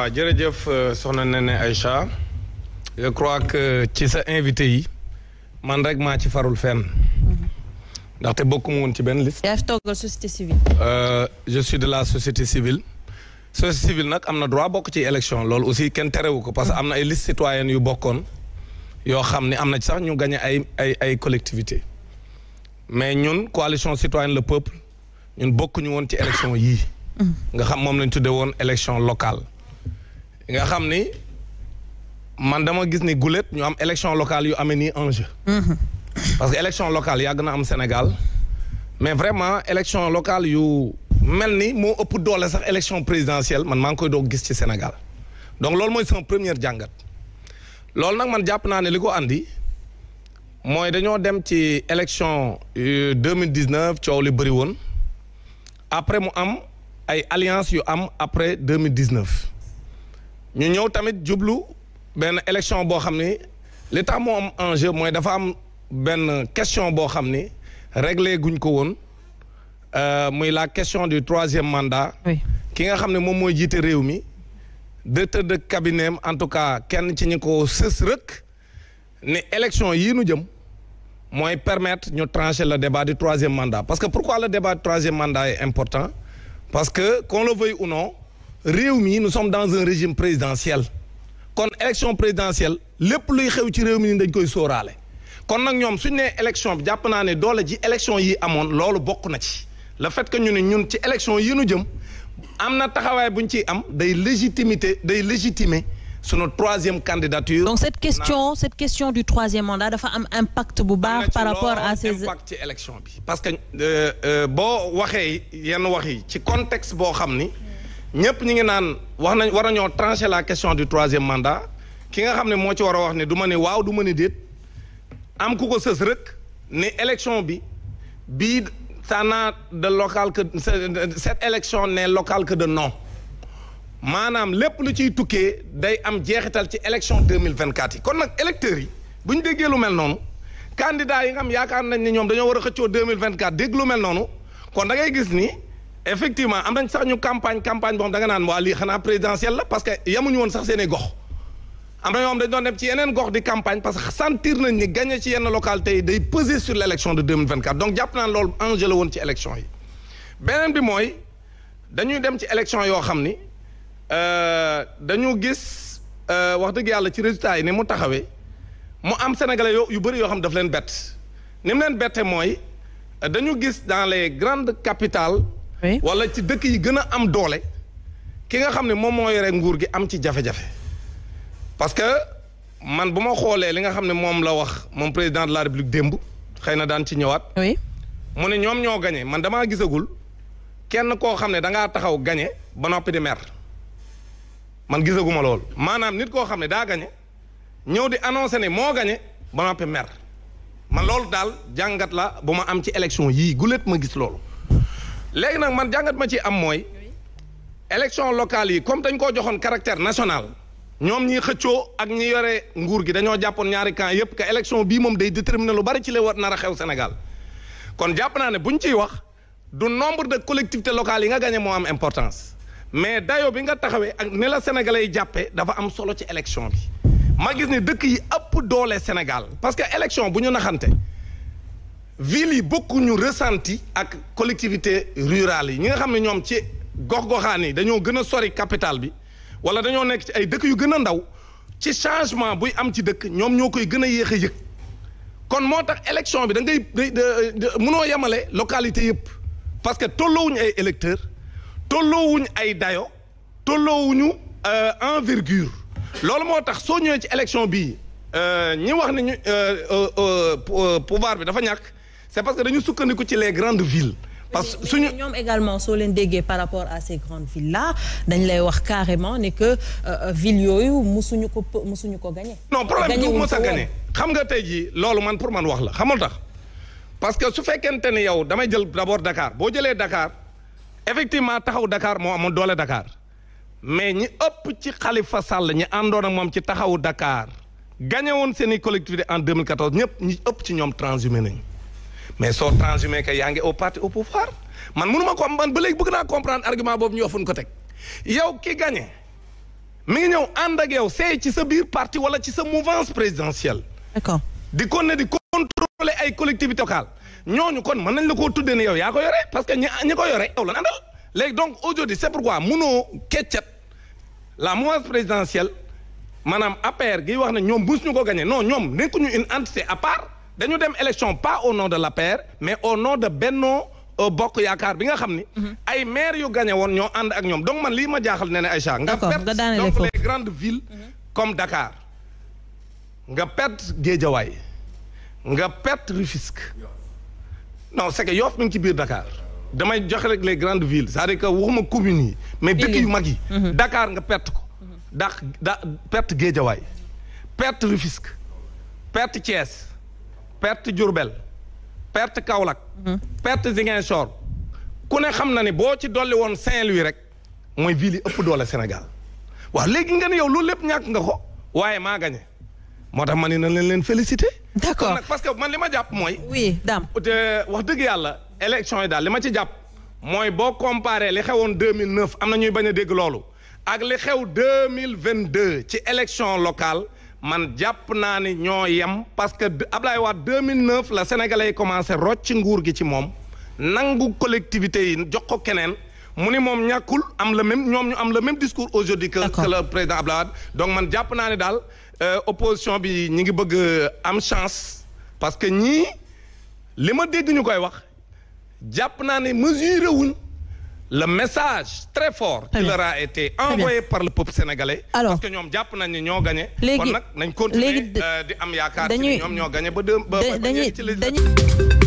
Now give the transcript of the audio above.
waaw jërëjëf euh, soxna Nene Aïcha je crois que ci sa invité yi man rek maa ci farul fenn ndaxte bokk mu woon ci benn liste. yaa fi toogal société civile. Euh, de la société civile. société civile nag am na droit bokk ci élection loolu aussi kenn terewu ko parce que am na ay liste citoyennes yu bokkoon yoo xam ne am na sax ñu gagné ay ay ay collectivité mais ñun coalition citoyenne le peuple ñun bokkuñu woon ci élection yi mm. nga xam moom lañ tuddee woon élection locale. nga xam ni man dama gis ni gulet ñu am élection locale yu amee nii enjeu. Mhm. parce que élection locale yàgg na am Sénégal mais vraiment élection locale yu mel ni moo ëpp doole sax élection présidentielle man maa ngi koy doog gis ci Sénégal donc loolu mooy sama première jàngat loolu nag man jàpp naa ne li ko andi mooy dañoo dem ci élection deux mille dix neuf coow li bëri woon après mu am ay alliance yu am après deux mille dix neuf ñu ñëw tamit jublu benn élection boo xam ni li moom moo am enjeu mooy dafa am benn question boo xam ni réglé guñ ko woon euh, muy la question du troisième mandat. ki nga xam ne moom mooy jiite réew mi. directeur de cabinet am en tout cas kenn ci ñu ko sës rëkk ne élection yii nu jëm mooy permettre ñu trancher la débat du troisième mandat parce que pourquoi le débat du troisième mandat est important parce que qu'on le veuille ou non. réew mi nous somme dans un régime présidentiel kon élection présidentielle lépp luy xew ci réew mi ni dañ koy sooraale kon nag ñoom suñ nee élection bi jàpp naa ne doole ji élection yi amoon loolu bokk na ci le fait que ñu ne ñun ci élection yi nu jëm am na taxawaay bu ñu ciy am day légitimité day légitimer sunu troisième candidature. donc cette question cette question du troisième mandat dafa am impact bu baax. par rapport à ces ci élection bi. parce que euh, euh, boo waxee yenn wax yi ci contexte boo xam ni. ñëpp ñu ngi naan wax nañ war a nañoo trancher la question du troisième mandat ki nga xam ne moo ci war a wax ne du ma ne waaw du ma ne déet am ku ko sës rek ne élection bi bii ça n'a de local que cette élection n'est locale que de non maanaam lépp lu ciy tukkee day am jeexital ci élection 2024 yi kon nag électeurs yi bu ñu déggee lu mel noonu candidats yi nga xam yaakaar nañ ne ñoom dañoo war a xëccoo 2024 dégg lu mel noonu kon da ngay gis ni. effectivement am nañ sax ñu campagne campagne boo xam da nga naan waa lii xanaa présidentielle la parce que yamuñu woon sax seen gox am na ñoo xam dañ doon dem ci yeneen gox di campagne parce que sentir nañ ni gagné ci yenn localité yi day peser sur l' élection de 2024 donc jàpp naa loolu enjeu woon ci élection yi beneen bi mooy dañuy dem ci élection yoo xam ni euh, dañu gis euh, wax dëgg yàlla ci résultat yi ni mu taxawee mu am sénégalais yo yu bëri yoo xam daf leen bett ni leen bette mooy dañu gis dans les grandes capitales wala ci dëkk yi gën a am doole ki nga xam ne moom moo yore nguur gi am ci jafe-jafe parce que man bu ma xoolee li nga xam ne moom la wax moom président de la république démb xëy na daan ci ñëwaat mu ne ñoom ñoo gañe man damaa gisagul kenn koo xam ne dangaa taxaw gañe ba noppi di mer man gisaguma loolu maanaam nit koo xam ne daa gañe ñëw di annoncé ne moo gañe ba noppi mer man loolu daal jàngat la bu ma am ci élection yii guléet ma gis loolu léegi nag man jàngat ma ci am mooy élection locale yi comme dañ koo joxoon caractère national ñoom ñi xëccoo ak ñi yore nguur gi dañoo jàppoon ñaari camp yépp que élection bii moom day déterminer lu bari ci la war nar a xew Sénégal kon jàpp naa ne buñ ciy wax du nombre de collectivités locale yi nga gagné moo am importance mais dayo bi nga taxawee ak ni la sénégalais jàppee dafa am solo ci élection bi ma gis ni dëkk yi ëpp doole Sénégal parce que élection bu ñu naxante ville yi bokkuñu ressenti ak collectivité rurale yi ñi nga xam ne ñoom ci gox-goxaan yi dañoo gën a sori capital bi wala dañoo nekk ci ay dëkk yu gën a ndaw ci changement buy am ci dëkk ñoom ñoo koy gën a yéex a yëg kon moo tax élection bi da ngay mënoo yemale localité yëpp parce que tolloowuñu ay électeurs tolloowuñu ay dayo tolloowuñu euh, envergure loolu moo tax soo ñëwee ci élection bii euh, ñi wax ne ñu euh, pouvoir bi dafa ñàkk c'est parce que dañu sukkandiku ci les grandes villes. parce que suñu ñoom également soo leen déggee par rapport à ces grandes villes là dañ lay wax carrément ne que euh, ville yooyu musuñu ko musuñu ko gagné. non problème du mos a gagné xam nga tey jii loolu man pour man wax la xamul tax parce que su fekkente ne yow damay jël d'abord dakaar boo jëlee dakaar effectivement taxaw dakaar moo amoon doole dakaar mais ñi ëpp ci xalifa Sall ñi àndoon ak moom ci taxawu Dakar gagné woon seen i collectivité en 2014 ñëpp ñi ëpp ci ñoom transhumé nañu. mais soo transhumé que yaa ngi au parti au pouvoir man mënuma ko man ba léegi bëgg naa comprendre argument boobu ñu ofun ko teg yow ki gagné mi ngi ñëw ànd ak yow seey ci sa biir parti wala ci sa mouvance présidentielle. d'accord di kon ne di contrôler ay collectivités locales ñooñu kon mën nañ la koo tuddee ne yow yaa ko yore parce que ñi ñi ko yore yow la àndal léegi donc aujourd'hui c'est pourquoi mënoo keccat la mouvance présidentielle maanaam APR gi wax ne ñoom buus ñu ko gagné non ñoom nekkuñu une entité à part. dañu dem élection pas au nom de la paire mais au nom de Benno euh, Bokk Yaakaar bi nga xam ni. Mhm. ay maire yu gagné woon ñoo ànd ak ñoom donc man lii ma jaaxal ne ne Aïcha. nga perte donc les grandes villes. Mhm. comme Dakar nga perte Guédiawaye nga perte Rufisque non c'est que Yoff mi ngi ci biir Dakar. damay joxe rek les grandes villes c'est-à-dire que waxuma communes yi mais dëkk yu mag yi mhm. dakaar nga perte ko dax da perte Guédiawaye perte Rufisque perte Thiès perte Diourbel perte Kaolack. Mhm. perte Ziguinchor. ku ne xam na ne boo ci dolli woon Saint-Louis rek mooy ville yi ëpp doole Sénégal waaw léegi nga ne yow loolu lépp ñàkk nga ko waaye maa gañe moo tax ma ne na leen leen félicité. d'accord nag parce que man li ma jàpp mooy. oui Dame te euh, wax dëgg yàlla élection yi daal li ma ci jàpp mooy boo comparé li xewoon 2009 am na ñuy bañ a dégg loolu ak li xew 2022 ci élection locale. man jàpp naa ne ñoo yem parce que Ablaye Wade 2009 la sénégalais yi commencé rocc nguur gi ci moom nangu collectivité yi jox ko keneen mu ni moom ñàkkul am la même ñoom ñu am le même discours aujourd'hui que la le président Ablaye Wade donc man jàpp naa ne daal euh, opposition bi ñi ngi bëgg euh, am chance parce que ñii li ma dégg ñu koy wax jàpp naa ne mesuré wuñ le message très fort qui leur a été envoyé par le pop sénégalais alors parce que ñoom jàpp nañ ni ñoo gagné léegi kon nag nañ continuer euh, di am yaakaar ci ñoom ñoo gagné ba deux ba ba ñetti